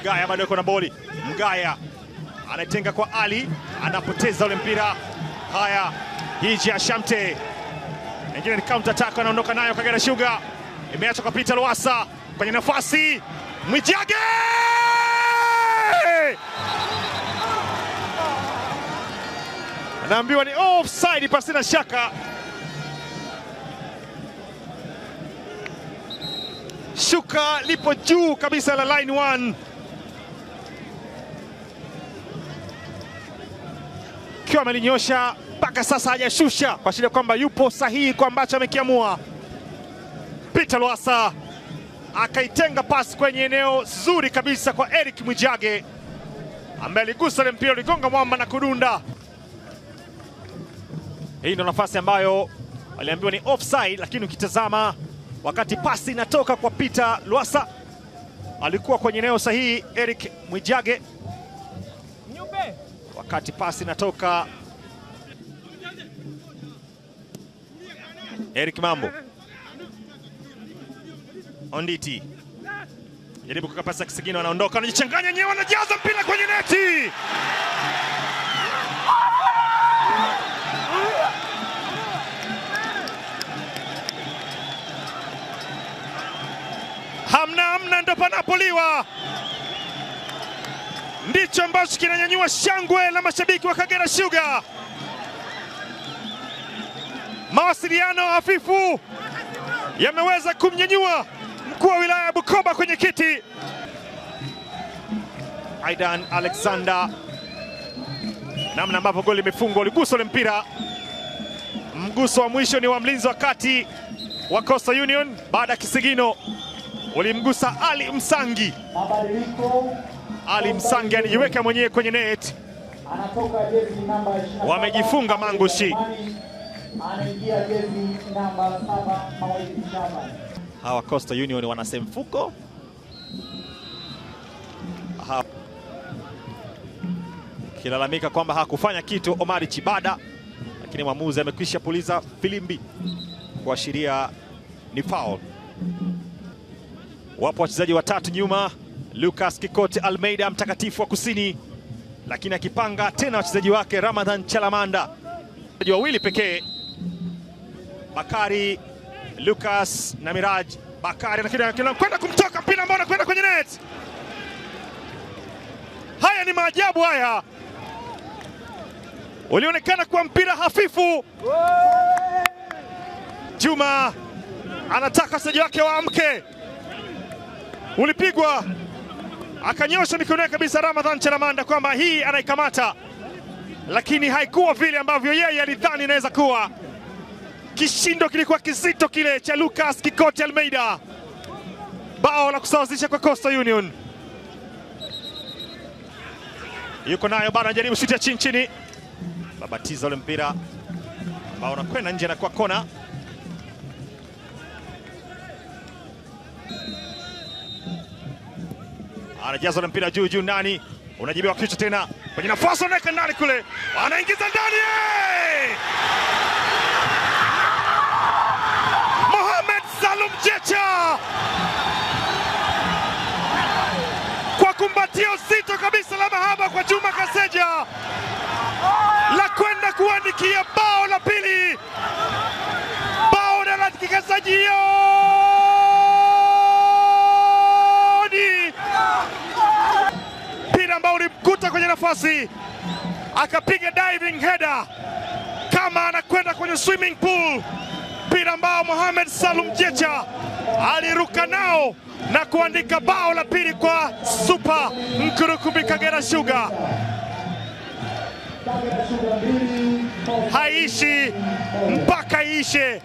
Mgaya bado yuko na boli. Mgaya anaitenga kwa Ali, anapoteza ule mpira. Haya, ya Shamte, ingine ni counter attack, anaondoka nayo Kagera Sugar, imeacha Peter Lowassa kwenye nafasi, Mwijage anaambiwa ni offside pasina shaka. Shuka lipo juu kabisa la line one. akiwa amelinyosha mpaka sasa hajashusha, kuashiria kwamba yupo sahihi kwa ambacho amekiamua. Peter Lwasa akaitenga pasi kwenye eneo zuri kabisa kwa Eric Mwijage ambaye aligusa ile mpira uligonga mwamba na kudunda. Hii ndio nafasi ambayo aliambiwa ni offside, lakini ukitazama wakati pasi inatoka kwa Peter Lwasa alikuwa kwenye eneo sahihi. Eric Mwijage wakati pasi inatoka Eric Mambo Onditi jaribu kukapasa kisigino, wanaondoka anajichanganya nyewe anajaza mpira kwenye neti. Hamna hamna, ndo panapoliwa ndicho ambacho kinanyanyua shangwe la mashabiki wa Kagera Sugar. Mawasiliano hafifu yameweza kumnyanyua mkuu wa wilaya ya Bukoba kwenye kiti. Aidan Alexander, namna ambavyo goli limefungwa, uliguso le mpira, mguso wa mwisho ni wa mlinzi wa kati wa Coastal Union baada ya kisigino ulimgusa Ali Msangi. Ali Msangi anajiweka mwenyewe kwenye net, wamejifunga Mangushi. Hawa Coastal Union wanasemfuko kilalamika kwamba hakufanya kitu Omari Chibada, lakini mwamuzi amekwisha puliza filimbi kuashiria ni foul. Wapo wachezaji watatu nyuma, Lucas Kikoti Almeida mtakatifu wa kusini, lakini akipanga tena wachezaji wake Ramadhan Chalamanda, wachezaji wawili pekee, Bakari Lucas na Miraj Bakari, lakini kwenda kumtoka mpira ambao anakwenda kwenye net. Haya ni maajabu haya, ulionekana kuwa mpira hafifu. Juma anataka wachezaji wake waamke ulipigwa, akanyosha mikono yake kabisa Ramadhan Chalamanda kwamba hii anaikamata, lakini haikuwa vile ambavyo yeye alidhani inaweza kuwa. Kishindo kilikuwa kizito kile cha Lucas Kikoti Almeida, bao la kusawazisha kwa Coastal Union. Yuko nayo bado, anajaribu shuti ya chini chini, babatiza ule mpira ambao unakwenda nje na kwa kona anajaza na mpira juu juu ndani, unajibiwa kichwa tena kwenye nafasi, anaweka ndani kule, anaingiza ndani eh! Mohamed Salum Jecha kwa kumbatio zito kabisa la mahaba kwa Juma Kaseja la kwenda kuandikia nafasi akapiga diving header kama anakwenda kwenye swimming pool, mpira ambao Mohamed Salum Jecha aliruka nao na kuandika bao la pili kwa Super Nkurukumbi Kagera Sugar. Haishi mpaka iishe.